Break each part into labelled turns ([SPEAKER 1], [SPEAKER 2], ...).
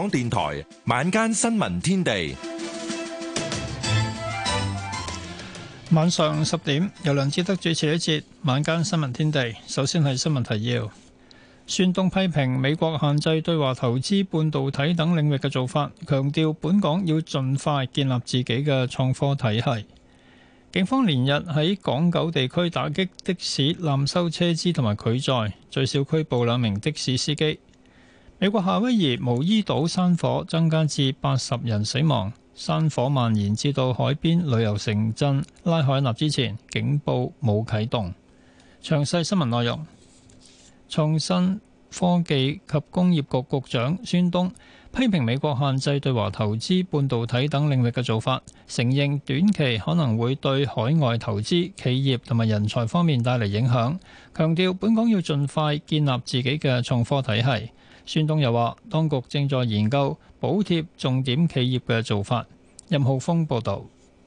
[SPEAKER 1] 港電台晚間新聞
[SPEAKER 2] 天地，晚上十點由梁志德主持一節晚間新聞天地。首先係新聞提要。孫東批評美國限制對華投資、半導體等領域嘅做法，強調本港要盡快建立自己嘅創科體系。警方連日喺港九地區打擊的士濫收車資同埋拒載，最少拘捕兩名的士司機。美國夏威夷毛伊島山火增加至八十人死亡，山火蔓延至到海邊旅遊城鎮拉海納之前，警報冇啟動。詳細新聞內容，創新科技及工業局局、局長孫東批評美國限制對華投資半導體等領域嘅做法，承認短期可能會對海外投資企業同埋人才方面帶嚟影響，強調本港要盡快建立自己嘅創科體系。孫東又話，當局正在研究補貼重點企業
[SPEAKER 3] 嘅做法。任浩峰報導。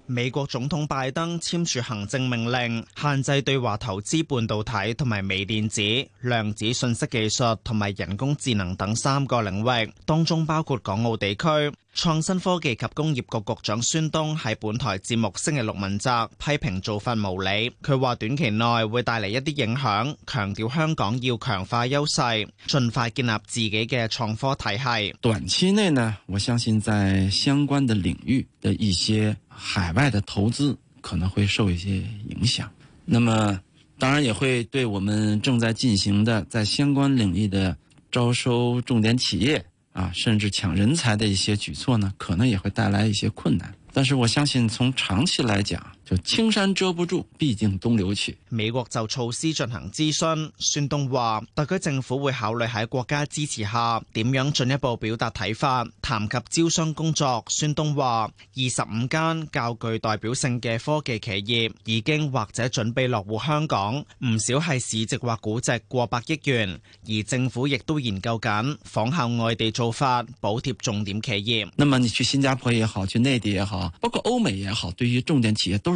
[SPEAKER 3] 美國總統拜登簽署行政命令，限制對華投資半導體同埋微電子、量子信息技術同埋人工智能等三個領域，當中包括港澳地區。創新科技及工業局局長孫東喺本台節目星期六問責，批評做法無理。佢話短期內會帶嚟一啲影響，強調香港要強化優勢，盡快建立自己嘅創科體系。短期內呢，我相信在相關的領域嘅一些海外的投資可能會受一些影響。那麼，當然也會對我們正在進行的在相關領域的招收重點企業。啊，甚至搶人才的一些舉措呢，可能也會帶來一些困難。但是我相信從長期來講。青山遮不住，畢竟東流去。美國就措施進行諮詢。孫東話：特區政府會考慮喺國家支持下，點樣進一步表達睇法。談及招商工作，孫東話：二十五間較具代表性嘅科技企業已經或者準備落戶香港，唔少係市值或估值過百億元。而政府亦都研究緊仿效外地做法，補貼重點企業。那麼你去新加坡也好，去內地也好，包括歐美也好，對於重點企業都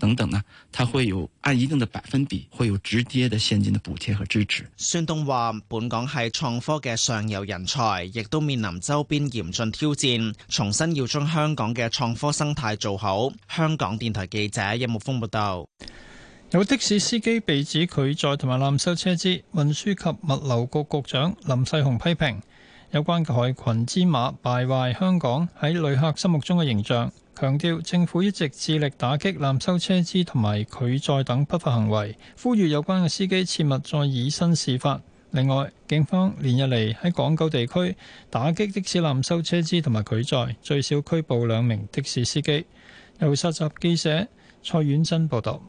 [SPEAKER 3] 等等呢，佢會有按一定的百分比會有直接的現金的補貼和支持。孫東話，本港係創科嘅上游人才，亦都面臨周邊嚴峻挑戰，重新要將香港嘅創科生態做好。香港電台記者任木峰報道。有的士司機被指拒載同埋濫收車資，
[SPEAKER 2] 運輸及物流局局，局長林世雄批評有關嘅害群之馬敗壞香港喺旅客心目中嘅形象，強調政府一直致力打擊濫收車資同埋拒載等不法行為，呼籲有關嘅司機切勿再以身試法。另外，警方連日嚟喺港九地區打擊的士濫收車資同埋拒載，最少拘捕兩名的士司機。由實習記者蔡婉珍報導。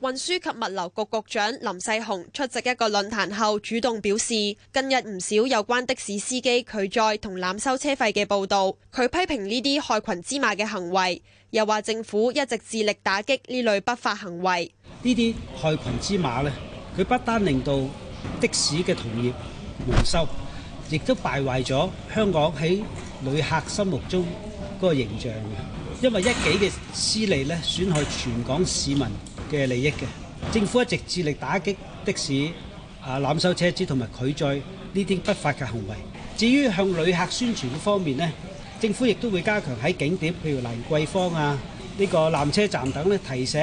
[SPEAKER 4] 運輸及物流局局長林世雄出席一個論壇後，主動表示，近日唔少有關的士司機拒載同濫收車費嘅報道，佢批評呢啲害群之馬嘅行為，又話政府一直致力打擊呢類不法行為。呢啲
[SPEAKER 3] 害群之馬呢，佢不單令到的士嘅同業蒙羞，亦都敗壞咗香港喺旅客心目中嗰個形象嘅。因為一己嘅私利咧，損害全港市民嘅利益嘅。政府一直致力打擊的士啊濫收車資同埋拒載呢啲不法嘅行為。至於向旅客宣傳嘅方面咧，政府亦都會加強喺景點，譬如蘭桂坊啊、呢個纜車站等咧，提醒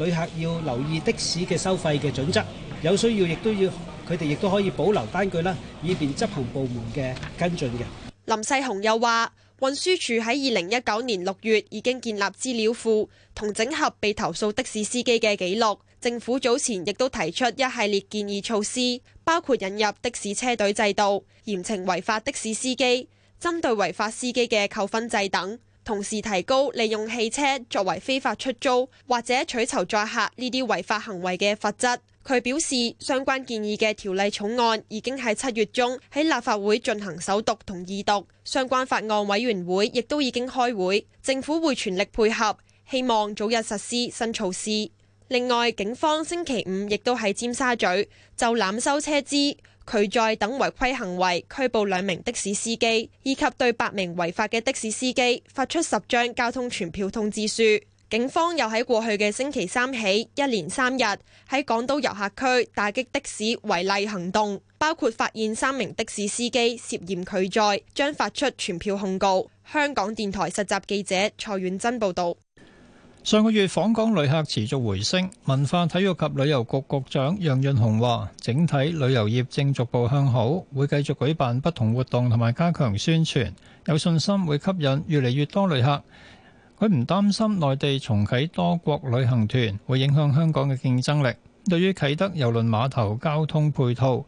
[SPEAKER 3] 旅客要留意的士嘅收費嘅準則。有需要亦都要佢哋亦都可以保留單據啦，以便執行部門嘅跟進嘅。
[SPEAKER 4] 林世雄又話。運輸署喺二零一九年六月已經建立資料庫，同整合被投訴的士司機嘅記錄。政府早前亦都提出一系列建議措施，包括引入的士車隊制度、嚴懲違法的士司機、針對違法司機嘅扣分制等，同時提高利用汽車作為非法出租或者取酬載客呢啲違法行為嘅罰則。佢表示，相關建議嘅條例草案已經喺七月中喺立法會進行首讀同二讀，相關法案委員會亦都已經開會，政府會全力配合，希望早日實施新措施。另外，警方星期五亦都喺尖沙咀就濫收車資，拒載等違規行為拘捕兩名的士司機，以及對八名違法嘅的，的士司機發出十張交通傳票通知書。警方又喺過去嘅星期三起一連三日喺港島遊客區打擊的士違例行動，包括發現三名的士司機涉嫌拒載，將發出傳票控告。香港電台實習記者蔡婉珍報導。
[SPEAKER 2] 上個月訪港旅客持續回升，文化體育及旅遊局局長楊潤雄話：整體旅遊業正逐步向好，會繼續舉辦不同活動同埋加強宣傳，有信心會吸引越嚟越多旅客。佢唔擔心內地重啟多國旅行團會影響香港嘅競爭力。對於啟德郵輪碼頭交通配套，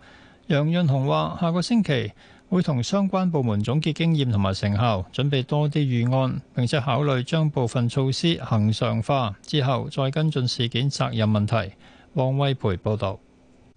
[SPEAKER 2] 楊潤雄話：下個星期會同相關部門總結經驗同埋成效，準備多啲預案，並且考慮將部分措施恒常化，之後再跟進事件責任問題。王威培報導。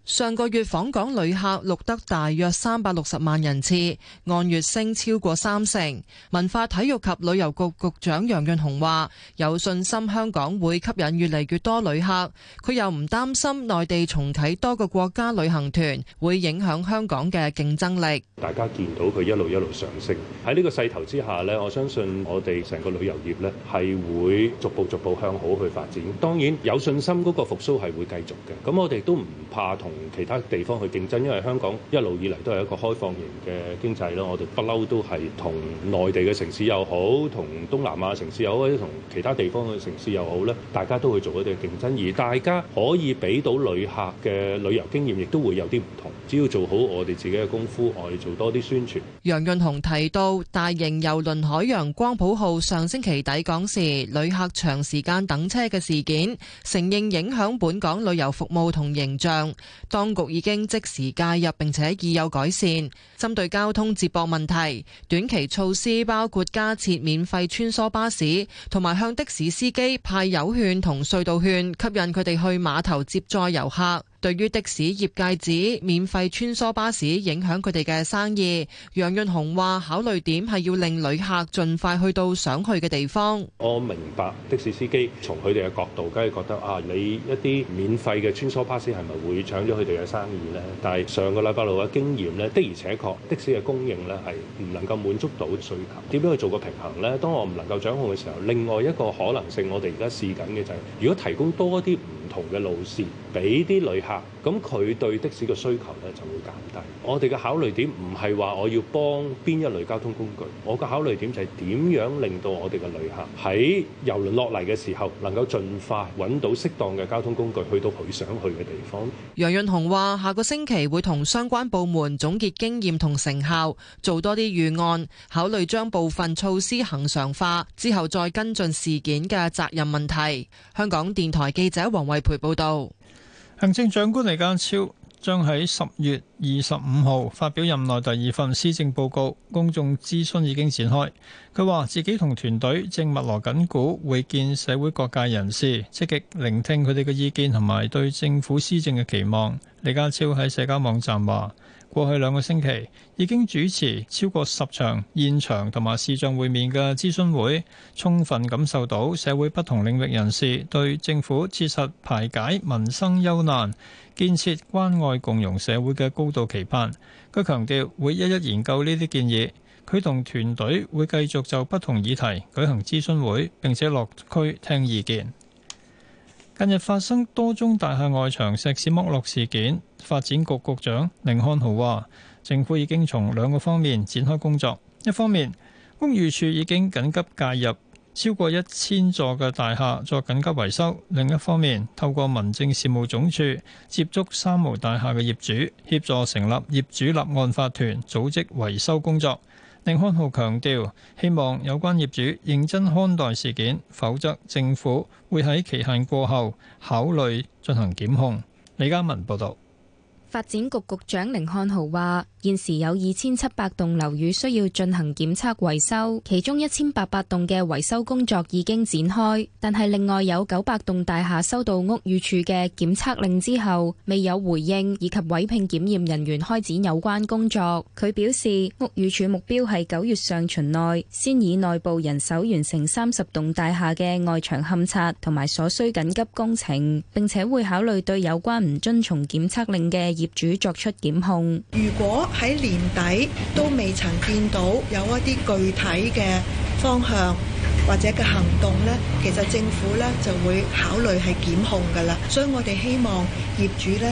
[SPEAKER 5] 上個月訪港旅客錄得大約三百六十萬人次，按月升超過三成。文化體育及旅遊局局長楊潤雄話，有信心香港會吸引越嚟越多旅客，佢又唔擔心內地重啟多個國家旅行團會影響香港嘅競爭力。
[SPEAKER 1] 大家見到佢一路一路上升，喺呢個勢頭之下呢，我相信我哋成個旅遊業呢係會逐步逐步向好去發展。當然有信心嗰個復蘇係會繼續嘅，咁我哋都唔怕同。其他地方去競爭，因為香港一路以嚟都係一個開放型嘅經濟啦，我哋不嬲都係同內地嘅城市又好，同東南亞城市又好，或者同其他地方嘅城市又好咧，大家都會做一啲競爭，而大家可以俾到旅客嘅旅遊經驗亦都會有啲唔同。只要做好我哋自己嘅功夫，我哋做多啲宣傳。
[SPEAKER 5] 楊潤雄提到大型郵輪海洋光譜號上星期抵港時，旅客長時間等車嘅事件，承認影，影響本港旅遊服務同形象。當局已經即時介入，並且已有改善。針對交通接駁問題，短期措施包括加設免費穿梭巴士，同埋向的士司機派油券同隧道券，吸引佢哋去碼頭接載遊客。對於的士業界指免費穿梭巴士影響佢哋嘅生意，楊潤雄話：考慮點係要令旅客盡快去到想去嘅地方。
[SPEAKER 1] 我明白的士司機從佢哋嘅角度，梗係覺得啊，你一啲免費嘅穿梭巴士係咪會搶咗佢哋嘅生意呢？但係上個禮拜六嘅經驗呢，的而且確，的士嘅供應呢係唔能夠滿足到需求。點樣去做個平衡呢？當我唔能夠掌控嘅時候，另外一個可能性，我哋而家試緊嘅就係、是，如果提供多一啲同嘅路線俾啲旅客，咁佢對的士嘅需求咧就會減低。我哋嘅考慮點唔係話我要幫邊一類交通工具，我嘅考慮點就係點樣令到我哋嘅旅客喺遊輪落嚟嘅時候能夠盡快揾到適當嘅交通工具去到佢想去嘅地方。
[SPEAKER 5] 楊潤雄話下個星期會同相關部門總結經驗同成效，做多啲預案，考慮將部分措施恒常化，之後再跟進事件嘅責任問題。香港電台記者黃慧培報道，
[SPEAKER 2] 行政長官李家超將喺十月二十五號發表任內第二份施政報告，公眾諮詢已經展開。佢話自己同團隊正密鑼緊鼓會見社會各界人士，積極聆聽佢哋嘅意見同埋對政府施政嘅期望。李家超喺社交網站話。過去兩個星期已經主持超過十場現場同埋視像會面嘅諮詢會，充分感受到社會不同領域人士對政府切實排解民生憂難、建設關愛共融社會嘅高度期盼。佢強調會一一研究呢啲建議，佢同團隊會繼續就不同議題舉行諮詢會，並且落區聽意見。近日發生多宗大廈外牆石屎剝落事件，發展局局長寧漢豪話，政府已經從兩個方面展開工作。一方面，公寓處已經緊急介入，超過一千座嘅大廈作緊急維修；另一方面，透過民政事務總署接觸三無大廈嘅業主，協助成立業主立案法團，組織維修工作。寧漢豪強調，希望有關業主認真看待事件，否則政府會喺期限過後考慮進行檢控。李家文報導。
[SPEAKER 6] 發展局局長寧漢豪話。現時有二千七百棟樓宇需要進行檢測維修，其中一千八百棟嘅維修工作已經展開，但係另外有九百棟大廈收到屋宇署嘅檢測令之後，未有回應，以及委聘檢驗人員開展有關工作。佢表示，屋宇署目標係九月上旬內先以內部人手完成三十棟大廈嘅外牆勘察同埋所需緊急工程，並且會考慮對有關唔遵從檢測令嘅業主作
[SPEAKER 7] 出檢控。如果喺年底都未曾見到有一啲具體嘅方向或者嘅行動咧，其實政府咧就會考慮係檢控噶啦，所以我哋希望業主咧。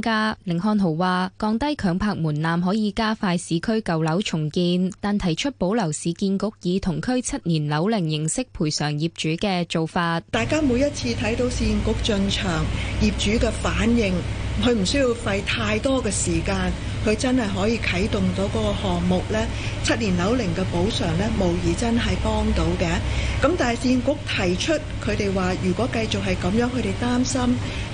[SPEAKER 6] 令漢豪話：降低強拍門檻可以加快市區舊樓重建，但提出保留市建局以同區七年樓齡形式賠償業主嘅做法。大家每一次睇到
[SPEAKER 7] 市建局進場，業主嘅反應。佢唔需要費太多嘅時間，佢真係可以啟動到嗰個項目咧。七年樓齡嘅補償咧，無疑真係幫到嘅。咁但係市建局提出佢哋話，如果繼續係咁樣，佢哋擔心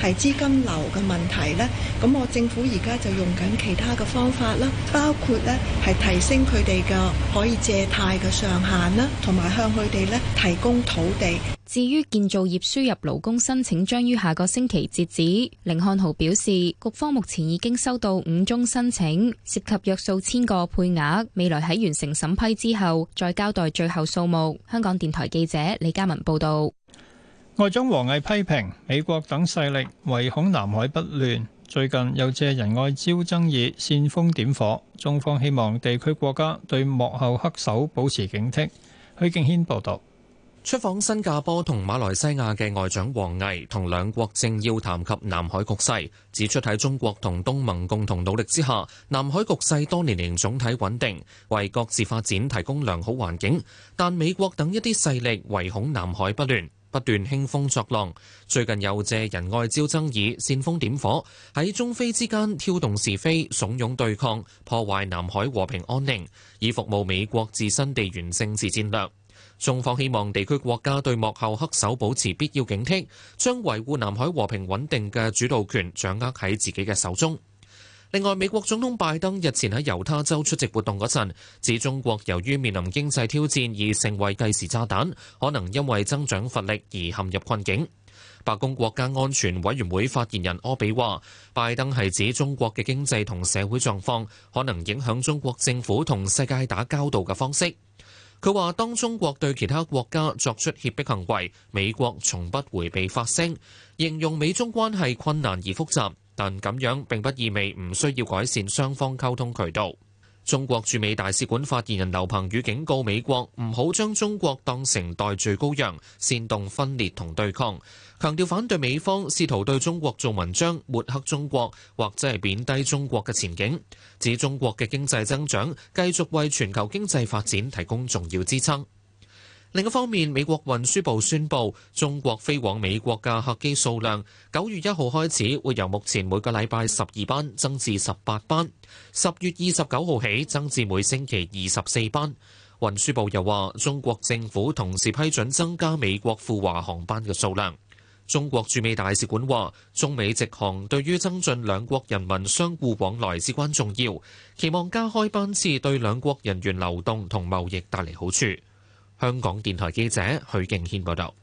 [SPEAKER 7] 係資金流嘅問題咧。咁我政府而家就用緊其他嘅方法啦，包括咧係提升佢哋嘅可以借貸嘅上限啦，同埋向佢哋咧提供土地。至於建造業輸入勞工
[SPEAKER 6] 申請，將於下個星期截止。凌漢豪表示，局方目前已經收到五宗申請，涉及約數千個配額。未來喺完成審批之後，再交代最後數目。香港電台記者李嘉文報道。
[SPEAKER 2] 外長王毅批評美國等勢力唯恐南海不亂，最近又借仁愛礁爭議，煽風點火。中方希望地區國家對幕後黑手保持警
[SPEAKER 8] 惕。許敬軒報道。出訪新加坡同馬來西亞嘅外長王毅同兩國政要談及南海局勢，指出喺中國同東盟共同努力之下，南海局勢多年嚟總體穩定，為各自發展提供良好環境。但美國等一啲勢力唯恐南海不亂，不斷興風作浪。最近又借仁愛礁爭議煽風點火，喺中菲之間挑動是非，慫恿對抗，破壞南海和平安寧，以服務美國自身地緣政治戰略。中方希望地區國家對幕後黑手保持必要警惕，將維護南海和平穩定嘅主導權掌握喺自己嘅手中。另外美國總統拜登日前喺猶他州出席活動嗰陣，指中國由於面臨經濟挑戰而成為計時炸彈，可能因為增長乏力而陷入困境。白宮國家安全委員會發言人柯比話拜登係指中國嘅經濟同社會狀況可能影響中國政府同世界打交道嘅方式。佢話：當中國對其他國家作出脅迫行為，美國從不迴避發聲，形容美中關係困難而複雜，但咁樣並不意味唔需要改善雙方溝通渠道。中國駐美大使館發言人劉鵬宇警告美國，唔好將中國當成代罪羔羊，煽動分裂同對抗，強調反對美方試圖對中國做文章，抹黑中國，或者係貶低中國嘅前景，指中國嘅經濟增長繼續為全球經濟發展提供重要支撐。另一方面，美國運輸部宣布，中國飛往美國嘅客機數量，九月一號開始會由目前每個禮拜十二班增至十八班，十月二十九號起增至每星期二十四班。運輸部又話，中國政府同時批准增加美國赴華航班嘅數量。中國駐美大使館話，中美直航對於增進兩國人民相互往來至關重要，期望加開班次對兩國人員流動同貿易帶嚟好處。香港電台記者許敬軒報道：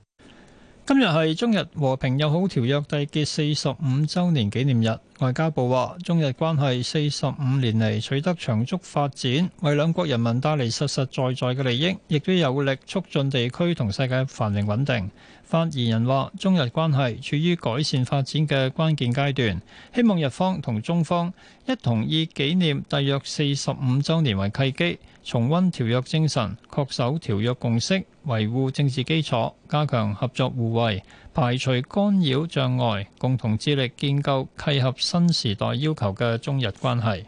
[SPEAKER 8] 今日係中日
[SPEAKER 2] 和平友好條約締結四十五周年紀念日。外交部話，中日關係四十五年嚟取得長足發展，為兩國人民帶嚟實實在在嘅利益，亦都有力促進地區同世界繁榮穩定。發言人話：中日關係處於改善發展嘅關鍵階段，希望日方同中方一同以紀念大約四十五週年為契機，重温條約精神，恪守條約共識，維護政治基礎，加強合作互惠，排除干擾障礙，共同致力建構契合新時代要求嘅中日關係。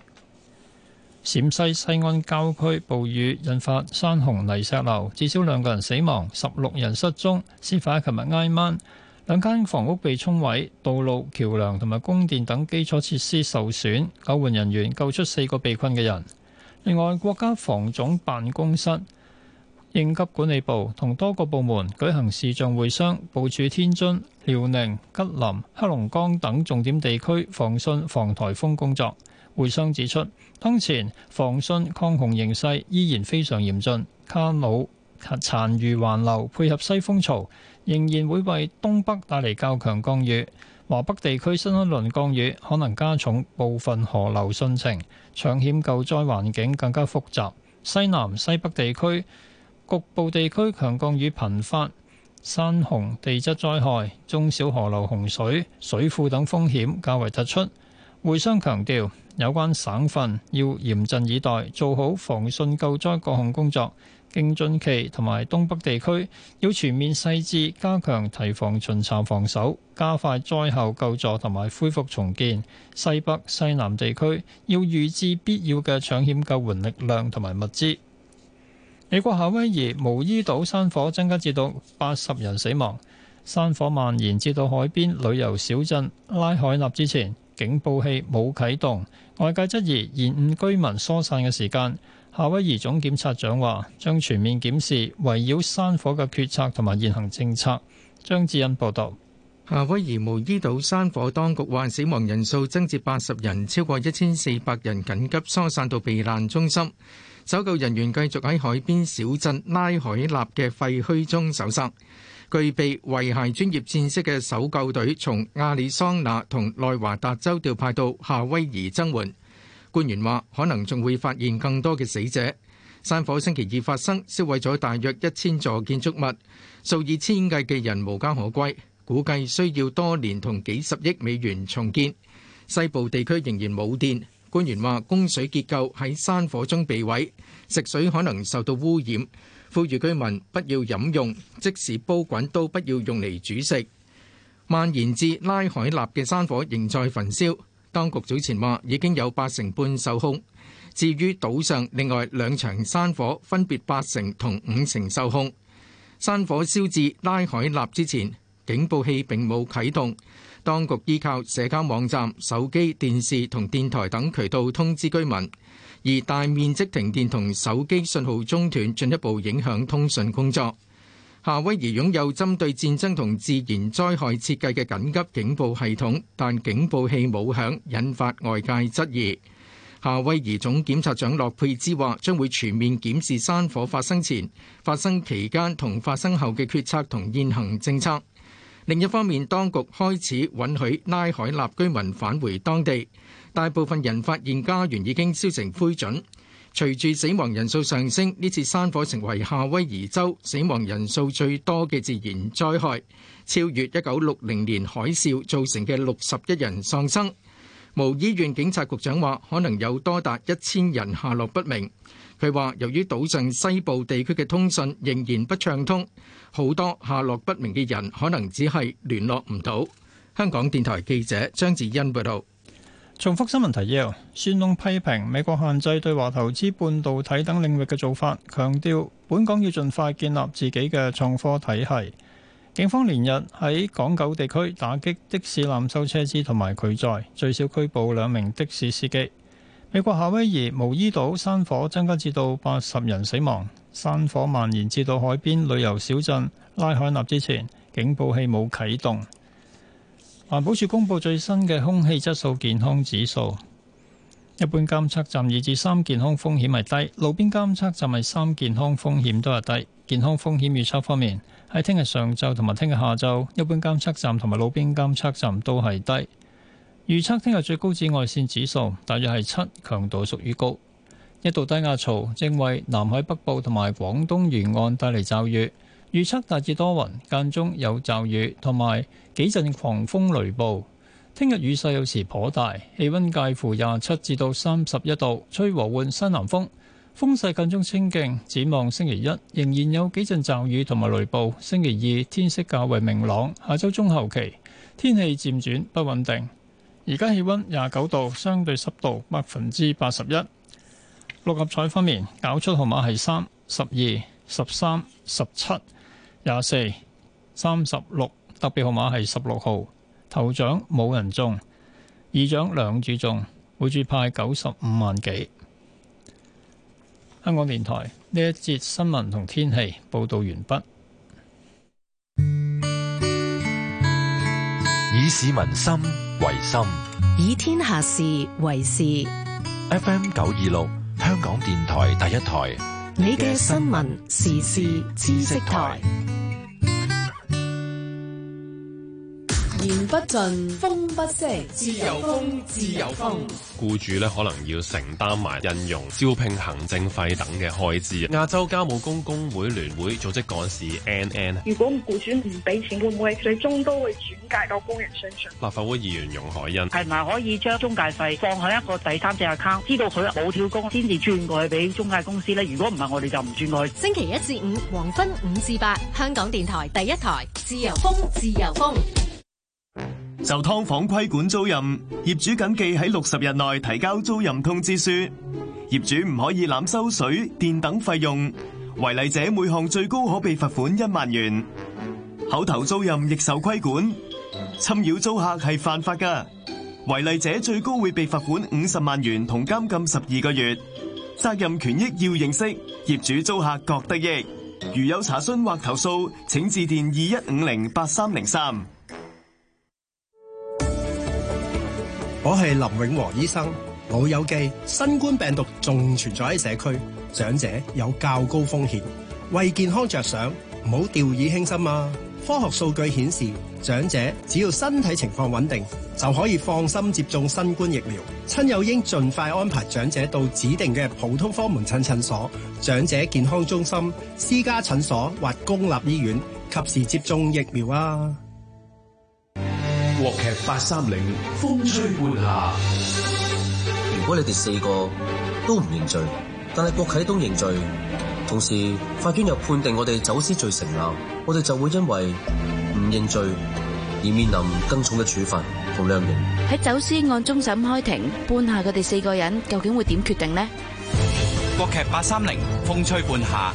[SPEAKER 2] 陝西西安郊區暴雨，引發山洪泥石流，至少兩個人死亡，十六人失蹤。事發喺琴日挨晚，兩間房屋被沖毀，道路、橋樑同埋供電等基礎設施受損。救援人員救出四個被困嘅人。另外，國家防總辦公室應急管理部同多個部門舉行視像會商，部署天津、遼寧、吉林、黑龍江等重點地區防汛防台風工作。會商指出，當前防汛抗洪形勢依然非常嚴峻，卡魯殘餘環流配合西風槽，仍然會為東北帶嚟較強降雨。華北地區新一輪降雨可能加重部分河流汛情，搶險救災環境更加複雜。西南、西北地區局部地區強降雨頻發，山洪、地質災害、中小河流洪水、水庫等風險較為突出。會商強調，有關省份要嚴陣以待，做好防汛救災各項工作。京津冀同埋東北地區要全面細緻加強提防巡查防守，加快災後救助同埋恢復重建。西北、西南地區要預置必要嘅搶險救援力量同埋物資。美國夏威夷毛伊島山火增加至到八十人死亡，山火蔓延至到海邊旅遊小鎮拉海納之前。警報器冇啟動，外界質疑延誤居民疏散嘅時間。夏威夷總檢察長話將全面檢
[SPEAKER 9] 視圍繞山火嘅決策同埋現行政策。張志恩報道，夏威夷毛伊島山火當局話死亡人數增至八十人，超過一千四百人緊急疏散到避難中心。搜救,救人員繼續喺海邊小鎮拉海納嘅廢墟中搜山。具備遺骸專業戰績嘅搜救隊從亞利桑那同內華達州調派到夏威夷增援。官員話，可能仲會發現更多嘅死者。山火星期二發生，燒毀咗大約一千座建築物，數以千計嘅人無家可歸，估計需要多年同幾十億美元重建。西部地區仍然冇電。官員話，供水結構喺山火中被毀，食水可能受到污染。呼籲居民不要飲用，即使煲滾都不要用嚟煮食。蔓延至拉海納嘅山火仍在焚燒，當局早前話已經有八成半受控。至於島上另外兩場山火，分別八成同五成受控。山火燒至拉海納之前，警報器並冇啟動，當局依靠社交網站、手機、電視同電台等渠道通知居民。而大面積停電同手機信號中斷，進一步影響通訊工作。夏威夷擁有針對戰爭同自然災害設計嘅緊急警報系統，但警報器冇響，引發外界質疑。夏威夷總檢察長洛佩茲話：將會全面檢視山火發生前、發生期間同發生後嘅決策同現行政策。另一方面，當局開始允許拉海納居民返回當地，大部分人發現家園已經燒成灰燼。隨住死亡人數上升，呢次山火成為夏威夷州死亡人數最多嘅自然災害，超越一九六零年海嘯造成嘅六十一人喪生。毛伊縣警察局長話：可能有多達一千人下落不明。佢話：由於島上西部地區嘅通訊仍然不暢通，好多下落不明嘅人可能只係聯絡唔到。香港電台記者張智欣報導。重複新聞提要：孫東
[SPEAKER 2] 批評美國限制對華投資半導體等領域嘅做法，強調本港要盡快建立自己嘅創科體系。警方連日喺港九地區打擊的士濫收車資同埋拒載，最少拘捕兩名的士司機。美國夏威夷毛伊島山火增加至到八十人死亡，山火蔓延至到海邊旅遊小鎮拉海納之前，警報器冇啟動。環保署公布最新嘅空氣質素健康指數，一般監測站二至三健康風險係低，路邊監測站係三健康風險都係低。健康風險預測方面，喺聽日上晝同埋聽日下晝一般監測站同埋路邊監測站都係低。預測聽日最高紫外線指數大約係七，強度屬於高。一道低壓槽正為南海北部同埋廣東沿岸帶嚟驟雨，預測大致多雲，間中有驟雨同埋幾陣狂風雷暴。聽日雨勢有時頗大，氣溫介乎廿七至到三十一度，吹和緩西南風。風勢間中清勁，展望星期一仍然有幾陣驟雨同埋雷暴。星期二天色較為明朗，下周中後期天氣漸轉不穩定。而家氣温廿九度，相對濕度百分之八十一。六合彩方面，攪出號碼係三、十二、十三、十七、廿四、三十六，特別號碼係十六號。頭獎冇人中，二獎兩注中，每注派九十五萬幾。香港電台呢一節新聞同天氣報道完畢。以市民心為心，
[SPEAKER 6] 以天下事為事。FM
[SPEAKER 1] 九二六，香港電台第一台，
[SPEAKER 6] 你嘅新聞時
[SPEAKER 8] 事
[SPEAKER 7] 知識台。言不盡，風不息，自由
[SPEAKER 8] 風，自由
[SPEAKER 1] 風。僱主咧可能要承擔埋印傭、招聘、行政費等嘅開支。亞洲家務工工會聯會組織幹事 N N，
[SPEAKER 5] 如果僱主唔俾錢，會唔會最終都會轉
[SPEAKER 6] 介到工人
[SPEAKER 1] 身上？立法會議員容海恩
[SPEAKER 5] 係咪可以將中介費放喺一個第三者 account，
[SPEAKER 3] 知道佢冇跳工先至轉過去俾中介公司咧？如果唔係，我哋就唔轉過去。
[SPEAKER 6] 星期一至五黃昏五至八，香港電台第一台，自由風，自由風。
[SPEAKER 3] 就劏房規管租賃，業主謹記喺六十日內提交租賃通知書。業主唔可以濫收水電等費用，違例者每項最高可被罰款一萬元。口頭租賃亦受規管，侵擾租客係犯法噶違例者最高會被罰款五十萬元同監禁十二個月。責任權益要認識，業主租客各得益。如有查詢或投訴，請致電二一五零八三零三。我係林永和醫生，老友記，新冠病毒仲存在喺社區，長者有較高風險，為健康着想，唔好掉以輕心啊！科學數據顯示，長者只要身體情況穩定，就可以放心接種新冠疫苗。親友應盡快安排長者到指定嘅普通科門診診所、長者健康中心、私家診所或公立醫院，及時接種疫苗啊！
[SPEAKER 8] 國劇八三零，風吹半夏。如果你哋四個都唔認罪，但係郭啟東認罪，同時法院又判定我哋走私罪成立，我哋就會因為唔認罪而面臨更重嘅處罰同量刑。
[SPEAKER 6] 喺走私案終審開庭，半夏佢哋四個人究竟會點決定呢？
[SPEAKER 3] 國劇八三零，風吹半夏。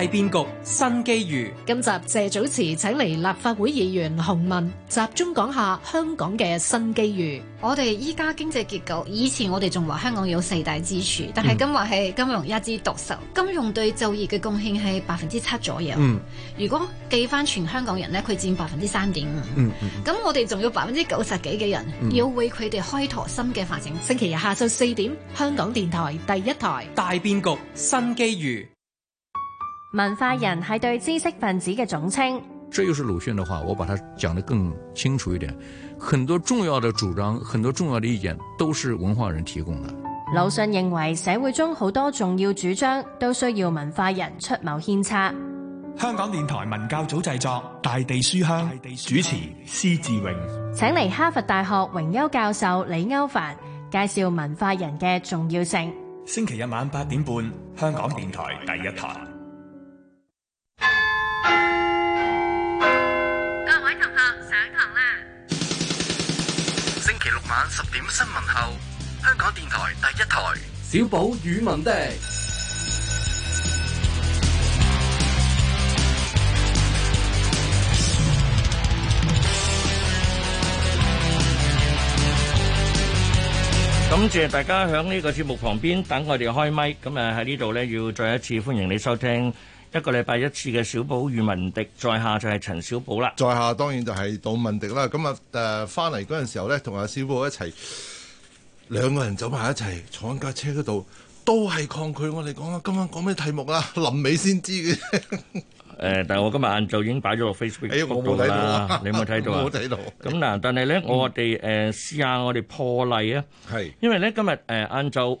[SPEAKER 9] 大變局，新機遇。今集謝
[SPEAKER 6] 祖慈請嚟立法會議員洪文，集中講下香港嘅新機遇。我哋依家經濟結構，以前我哋仲話香港有四大支柱，但係今日係金融一枝獨秀。金融對就業嘅貢獻係百分之七左右。嗯，如果計翻全香港人咧，佢佔百分之三點五。嗯，咁我哋仲有百分之九十幾嘅人、嗯、要為佢哋開拓新嘅發展。星期日下晝四點，香港電台第一台。
[SPEAKER 9] 大變局，新機遇。
[SPEAKER 6] 文化人係對知識分子嘅總稱。
[SPEAKER 8] 這又是魯迅的話，我把它講得更清楚一點。很多重要的主張，很多重要的意見，都是文化人提供的。
[SPEAKER 6] 魯、嗯、迅認為社會中好多重要主張都需要文化人出謀獻策。
[SPEAKER 8] 香港電台文教組
[SPEAKER 3] 製作《大地書香》，香主持施志榮，
[SPEAKER 6] 請嚟哈佛大學榮休教授李歐梵介紹文化人嘅重要性。
[SPEAKER 3] 星期日晚八點
[SPEAKER 1] 半，香港電台第一台。
[SPEAKER 8] 咁新聞後，香港電台第一台
[SPEAKER 9] 小寶語文的，
[SPEAKER 8] 感謝大家響呢個節目旁邊等我哋開麥，咁誒喺呢度呢，要再一次歡迎你收聽。一個禮拜一次嘅小寶與文迪，在下就係陳小寶啦，
[SPEAKER 1] 在下當然就係杜文迪啦。咁啊，誒，翻嚟嗰陣時候咧，同阿小寶一齊，兩個人走埋一齊，坐喺架車嗰度，都係抗拒我哋講啊。今晚講咩題目啊？臨尾先知嘅。
[SPEAKER 8] 誒，但係我今日晏晝已經擺咗落 Facebook 度啦。你有冇睇到啊？冇睇到。咁嗱，但係咧，我哋誒試下我哋破例啊。係。因為咧，今日誒晏晝。